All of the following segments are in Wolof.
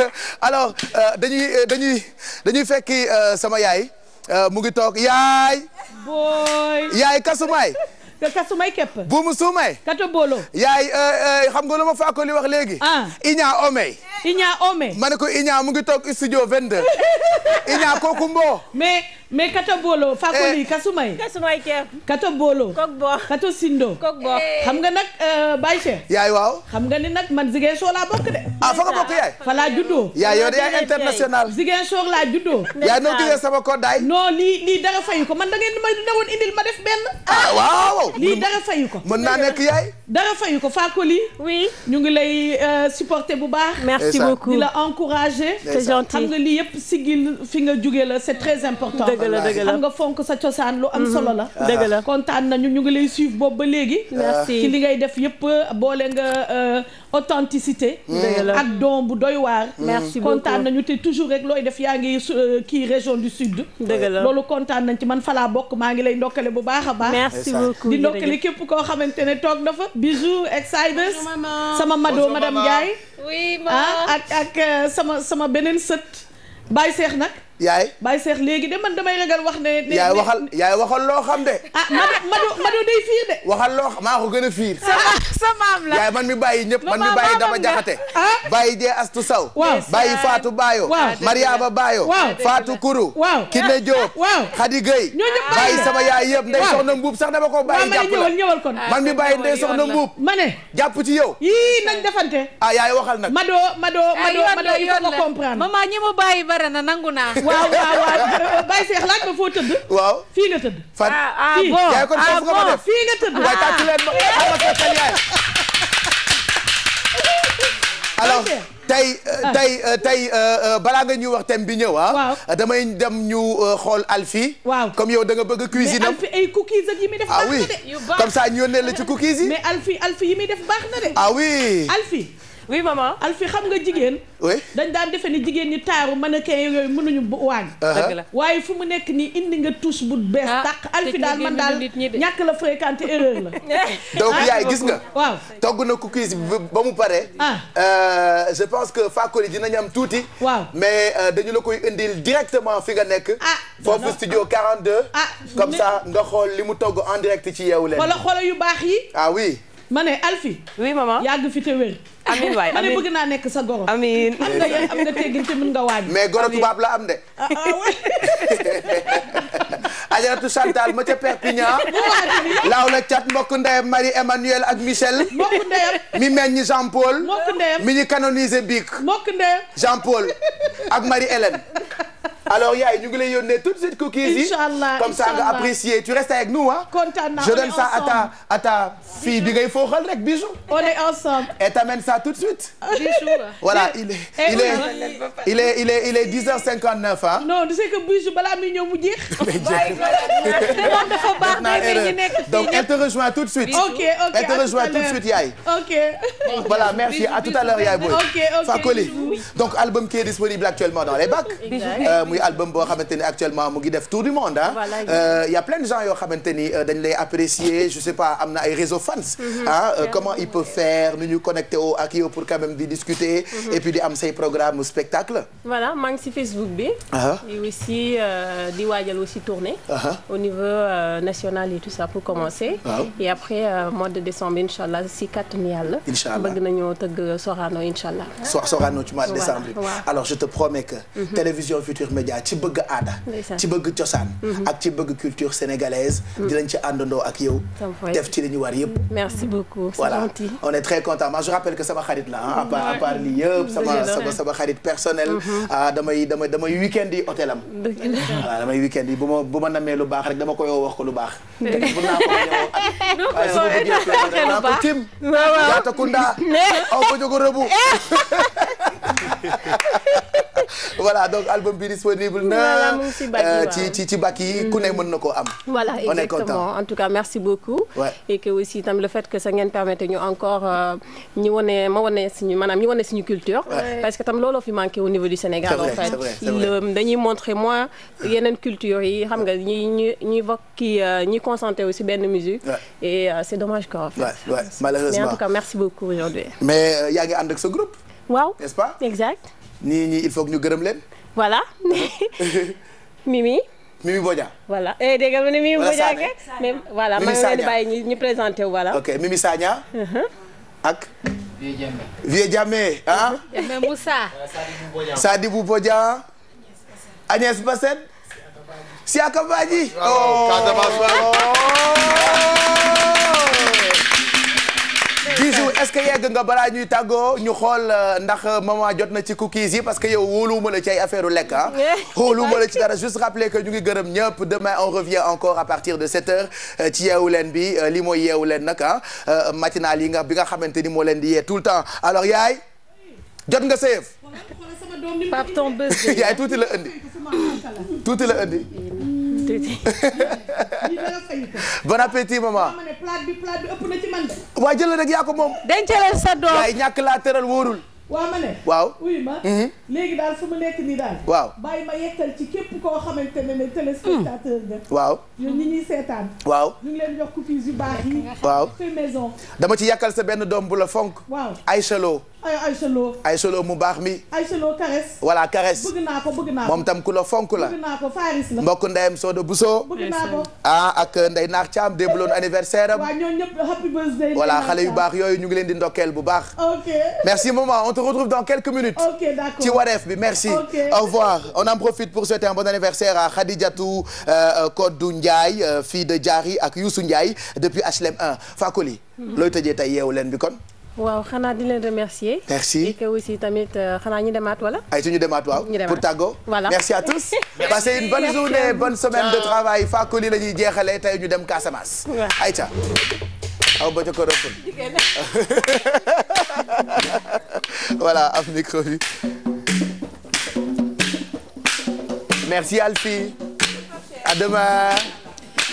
alors euh, dañuy euh, dañuy dañuy fekki euh, sama yaay mu ngi toog yaay. booy yaay kasumaay. kasumay képp. bu mu suumay. kato boolo. yaay xam nga lu ma faako li wax léegi. ah Iñaa Omey. Iñaa Omey. ma ne ko Iñaa mu ngi toog studio 22. Iñaa kooku Mbo. mais kato booloo faako eh. lii kasumay kasumay ceeb kato booloo kok boo kato sindo kok boo eh. xam nga nag euh, Baye Cheikh yaay waaw xam nga ni nag man Ziguinchor laa bokk de ah fa nga bokk yaay fa laa juddoo yaay yow de yaay international Ziguinchor laa juddoo yaay noo gisee sama koddaay non lii lii dara fayu ko man da ngeen ma newoon indil ma def benn ah waaw lii dara fayu ko mën naa nekk yaay dara fayu ko faako lii oui ñu ngi lay euh, supporter bu baax merci beaucoup di la encourager c'est gentil xam nga lii yëpp sigil fi nga jugee la c'est très important la la xam nga fonk sa cosaan lu am mhm. solo la dëgg kontaan nañu ñu ngi lay suivre boobu ba léegi merci ci li ngay def yëpp boole nga euh, authenticité mhm. ak doom bu doy waar mhm. merci beaucoup kontaan nañu te toujours rek looy def yaa ngi euh, kii région du sud dëgg la loolu kontaan nañ ci man falaa bokk maa ngi lay ndokkale bu baax a baax merci beaucoup di ndokkale képp koo xamante ne toog na fa bijou exciders sama mado madame Ndiaye oui ma ah, ak ak euh, sama sama beneen sët Baye Seex nag yaay bàyyi seex léegi de man damay ragal wax ne. waxal yaay waxal loo xam de. ah Mado Mado Mado waxal loo xam maa ko gën a fiir. sa maam la yaay man mi bàyyi ñëpp man mi bàyyi dama jaxate. ah bàyyi saw. waaw bàyyi Fatou Bayo. waaw Mariama Bayo. waaw Fatou Kourou. waaw Kiné Diop. waaw Khady Gueye. ñooñu ñëpp bàyyi sama yaay yëpp ndey soxna mbuub sax dama ko bàyyi. jàpp la ñëwal ñëwal kon. man mi bàyyi ma jàpp ci yow. yii nañ defante. ah yaay waxal nag. Mado Mado ah, Mado Mado il faut nga comprendre. maman ñi mu bàyyi bare na nangu naa waaw waaw waaw Baye laaj ma foo tëdd. waaw fii nga tëdd. fan ah, ah, ah fii nga tëdd. fii nga tëdd ma xam ah. yaay. alors tey euh, tey euh, tey euh, balaa nga ñuy wax thème bi ñëw ah. damay dem ñu xool alfi waaw comme yow da nga bëgg a cuisine am mais cookies ak yi muy baax na de comme ci cookies yi. mais yi muy def wii maman Alfi xam nga jigéen. dañ daan defe ni jigéen ñi taaru mën a kay yooyu mënuñu waañ. Ah. dëgg la waaye fu mu nekk nii indi nga tuus bu bees. Ah, tàq Alfi daal man daal ñàkk la fréquenté erreur la. donc ah. yaay gis nga. waaw togg na cookies ba mu pare. ah euh, je pense que di dinañ am tuuti. waaw mais euh, dañu la koy indil directement fi nga nekk. ah foofu studio 42. ah comme ça nga xool li mu togg en direct ci Yeewu Leen. xoolal xoolal yu baax yi. ah oui. ma ne Alfi. oui maman yàgg amiin waay amiin bëgg naa nekk sa goro. amiin am nga yéen am nga teggin te mën nga waaj. mais goro tubaab la am de. ah ah ma ca Perpignan. laaw la cat mbokk ndeyam Marie Emmanuel ak Michel. mbokk ndeyam. mi meññ Jean Paul. mbokk ndeyam mi ñu canonisé Bic. mbokk ndeyam. Jean Paul ak Marie Hélène. alo yaay ñu ngi lay yónnee tout de suite cookies yi comme ça nga apprécier tu restes avec nous ah. kontaan naa a donne ça ta à ta fille bi ngay fooxal rek bijou. on est ensemble. et t'amènes ça tout de suite. bijou voilà eh, il est il est il est il est il est 10h59 ah. non tu sais bijou balaa muy ñëw mu donc elle te rejoint tout de suite. ok ok elle te rejoint tout album qui est disponible actuellement dans les bacs. album boo xamante ni actuellement mu ngi def tour du monde ah. voilà euh, a plein de gens yoo xamante ni euh, dañ lay apprécier je sais pas am na ay réseau fans. Mhm. ah euh, comment il peut faire nu ñu connecté au pour quand même di discuter. Mhm. et puis di am say programme spectacle. voilà maa ngi si Facebook bi. Ah. Euh, di ah. pour commencer. et après mois de décembre incha allah si kàttanu yàlla. incha allah bëgg nañoo tëgg Sorano incha allah. Sorano ci mois de décembre. alors je te promets que. Mhm. télévision Futurs Médias Dia ci bëgg aada ci bëgg cosaan mhm. ak ci bëgg culture sénégalaise dinañ mhm. ci àndandoo ak yow def ci li ñu war yëpp merci beaucoup voilà gentil. on est très content moi je rappelle que sama xarit la a part à part lii yëpp sama sama xarit personnel mhm. ah, damay damay damay yi hôtel am damay week yi bu ma namee lu baax rek dama ko yow wax ko lu baax te mën naa ko yow waaye su ma bëggee naa ko tim yaata kunda aw ba jóg rëbu voilà donc album bi disponible na euh, ci ci ci bac yi ku ne mën na koo am voilà exactement en tout cas merci beaucoup et que aussi tam le fait que ça ngeen permettre ñu encore euh, ñu wane ma wane suñu maanaam ñu wane suñu culture parce que tam looloo fi manqué au niveau du Sénégal en fait dañuy montrer moins yeneen culture yi xam nga ni ñu ñuy vokki euh, ñuy concentré aussi benn musique et c'est dommage quoi en fait malheureusement mais en tout cas merci beaucoup aujourd'hui mais yaa ngi ànd groupe waaw n'est-ce pas exact ñii ñii il faut que ñu gërëm Mimi. Mimi Bodia. voilà eh, dégg nga Mimi Bodia ak. mais voilà maa ngi leen di bàyyi ñu ñu présenté wu voilà. ok Mimi Sagna. Uh-huh. ak. Vieux Diame. ah. mais Moussa. Sadibou Bodia. Agnès Bassène. Siaka Badji. Siaka Badji. oh. bijou est-ce que yegg nga balaa ñuy tàggoo ñu xool euh, ndax euh, maman jot na ci cookies yi parce que yow wóoluwuma la ci ay affaire lekk ah. wóoluwuma la ci dara juste rappeler que ñu ngi gërëm ñëpp demain on revient encore à partir de 7 heures euh, ci yeewu leen bi li mooy yeewu leen nag ah yi nga bi nga xamante ni moo leen di ye tout le temps alors yaay jot nga sa yëf. Pape ton bés yaay tuuti la indi la indi. appétit. bon appétit maman. plat bi plat bi ëpp na ci man de. waaw jël rek yaa ko moom. dencaleen sa doom waaye ñàkk laa tëral wóorul. waa ma ne. waaw uy ma. Mhm. léegi daal su mu nekk nii daal. waaw bàyyi ma yettal ci képp koo xamante ne ne téléspectateur nga. Mm. waaw ñun ñi ñuy seetaan. waaw ñu ngi leen jox cookies yu baax yi. waaw dama ci yàkkal sa benn doom bu la fonk. waaw ay ay ay solo mu baax mi. ay solo Kares. voilà naa ko bëgg moom tam ku fonk la. naa ko mbokk ndeyam Sodo Bousso. bëgg naa ko ah, ak euh, Ndeye naax Thiam démb anniversaire am. waaw ñooñu ñëpp happy birthday. voilà xale yu baax yooyu ñu ngi leen di ndokkeel bu baax. ok merci maman on te retrouve dans quelques minutes. ok d'accord ci wareef bi merci. ok au revoir on en profite pour souhaiter un bon anniversaire à Khadijatou euh, euh, Kodou Ndiaye fille de Diary ak Youssou Ndiaye depuis HLM 1 Fakoli. Hmm. looy tëjee tey yeewu leen bi kon. waaw xanaa di leen remercier. merci et tamit euh, xanaa ñu demaat wala. ay tu demaat waaw pour tàggoo. voilà merci à tous. passez une bonne journée bonne semaine de travail fàkku li la ñuy jeexalee tey ñu dem Casamance. waaw ayca aw ba ca ko voilà am micro bi. merci Alfie. à demain.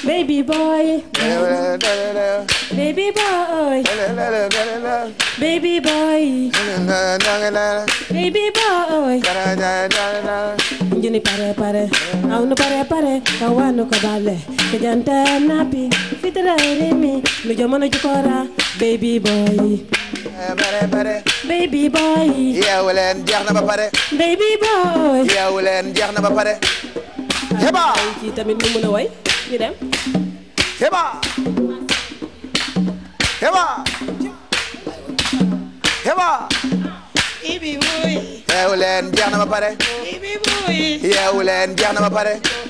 Baby boy. Baby boy. Baby boy. Baby boy. Njuni pare pare, aunu pare pare, kawanu kabale, kejanta napi, fitra irimi, lujomono jukora, baby boy. Pare pare. Baby boy. Yeewu leen jeex na ba pare. Baby boy. Yeewu leen jeex na ba pare. Heba. Kii tamit mu mën a way. ñu dem Heba Heba Heba Ibi buy yeewu leen jeex na ba pare Ibi buy yeewu leen jeex na ba pare